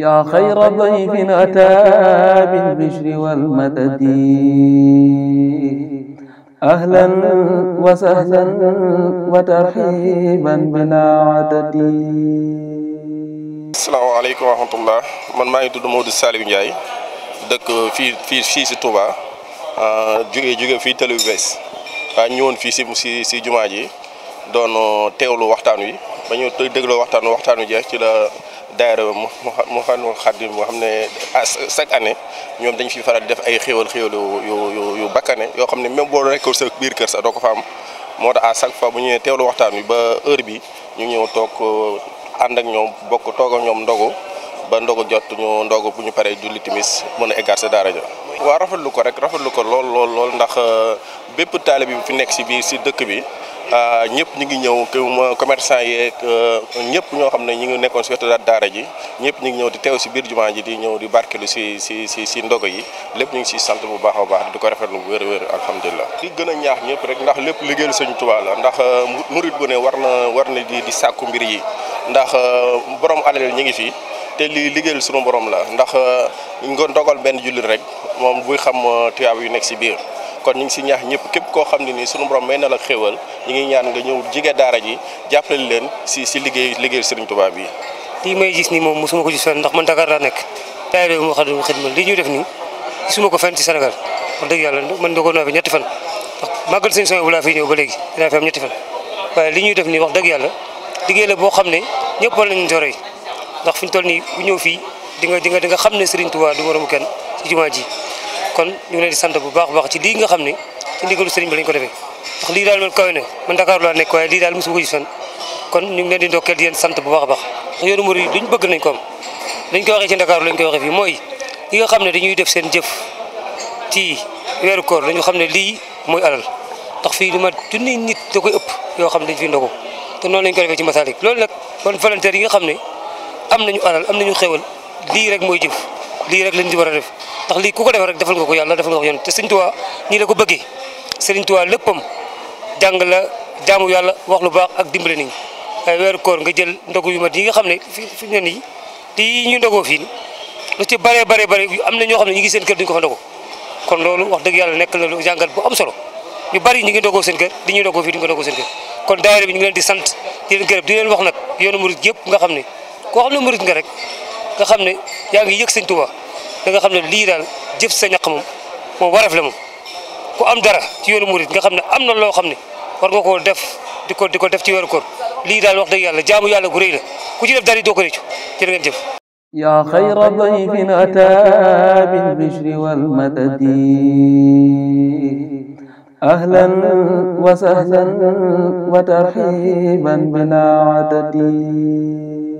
yaa xayra dayfin ataa bil bishri wal madadi wa sahlan wa tarxiiban bilaa adadi. man maa ngi tudd Modou Saliou fii fii fii ah, jóge jóge fii Télé ah, fii si si si jumaa ji doon teewlu waxtaan wi ba ñu dégloo waxtaan waxtaan wi jeex ci la. daayira mu mu xanu xaddim boo xam ne ah, chaque année ñoom dañ fi faral di def ay xéewal xéwal yu yu bakkane yoo xam ne même boo rekkul sa biir kër sa doo ko fa am moo tax à chaque fois bu ñëwee teelu waxtaan wi ba heure bi ñu ñëw toog euh, ànd ak ñoom bokk toog ak ñoom ndogu ba ndogu jot ñu ndogu bu ñu paree julli timis mën a eggaat sa daara ja waaw rafetlu ko rek rafetlu ko lool lool lool ndax euh, bépp taalibe bi fi nekk si biir si dëkk bi Euh, ñëpp ñu ngi ñëw commerçant yeeg euh, ñëpp ñoo xam ne ñu ngi nekkoon si wetu daara ji ñëpp ñu ngi ñëw di teew si biir jumaa ji di ñëw di barkelu si si si si ndogo yi lépp ñu ngi si sant bu baax a baax di ko rafetlu bu wér wér alhamdulilah di gën a ñaax ñëpp rek ndax lépp liggéeyal suñu tubaala la ndax euh, murit bu ne war na war na di di sàkku mbir yi ndax borom alal ñu ngi fi te li liggéeyal sunu borom la ndax nga ndogal benn jullit rek moom buy xam tuyaab yu nekk si biir kon ñu ngi si ñaax ñëpp képp koo xam ne nii sunu borom may na la xéwal ñu ngi ñaan nga ñëw jige daara ji jàppale leen may gis nii moom mosuma ko gis fenn ndax man Dakar laa nekk taalibe mu Moukhaddamatoul Khidma li ñuy def nii gisuma ko fenn ci Sénégal wax dëgg yàlla man doo ko naa fi ñetti fan ndax màggal sëñ ba léegi dinaa fi am ñetti li ñuy def nii wax dëgg yàlla liggéey la boo xam ne ñëpp war nañu toroy ndax fi ñu toll nii bu ñëw fii di nga di nga nga xam ne Serigne Touba du moromu kenn ci jumaa ji kon ñu ngi di sant bu baax baax ci lii nga xam ne ci ndigalu sëriñ bi lañ ko defee lii daal man kawe na man kon ñu ngi leen di ndokkeel di bu baax a baax ndax yoonu murid yi duñ bëgg nañ ko am dañ koy waxee ci Dakar lañ koy waxee fii mooy li nga xam ne dañuy def seen jëf ci weeru koor dañu xam ne lii mooy alal ndax fii lu ma junni nit da koy ëpp yoo xam ne dañ fi ndogu te noonu lañ ko defee ci Masalik loolu nag kon volontaire yi nga xam ne am nañu alal am nañu xewal lii rek mooy jëf lii rek lañ ci war a def ndax lii ku ko def rek defal nga ko yàlla defal nga ko yoon te sëñ Tuubaa nii la ko bëggee sëriñ Tuubaa léppam jàng la jaamu yàlla wax lu baax ak dimbale nit ñi ay weeru koor nga jël ndogu yu mat yi nga xam ne fi fi ne nii di ñu ndogoo fii lu ci bare bare bare am na ñoo xam ne ñu ngi seen kër duñ ko fa ndogu kon loolu wax dëgg yàlla nekk la lu jàngal bu am solo ñu bari ñu ngi ndogoo seen kër di ñuy ndogoo fii duñ ko ndogoo seen kër kon daayira bi ñu ngi leen di sant di leen gërëm di leen wax nag yoonu murit yëpp nga xam ne koo xam ne murit nga rek nga xam ne yaa ngi yëg sëñ Tuubaa da nga xam ne lii daal jëf sa ñaq moom moom waraf la moom ku am dara ci yoonu murit nga xam ne am na loo xam ne war nga koo def di ko di ko def ci weeru koor lii daal wax dëgg yàlla jaamu yàlla gu rëy la ku ci def dara doo ko réccu jërë ngeen jëf yaa xayra dayfin ataa bil bishri wal madadi ahlan wa sahlan wa tarhiban bilaa adadi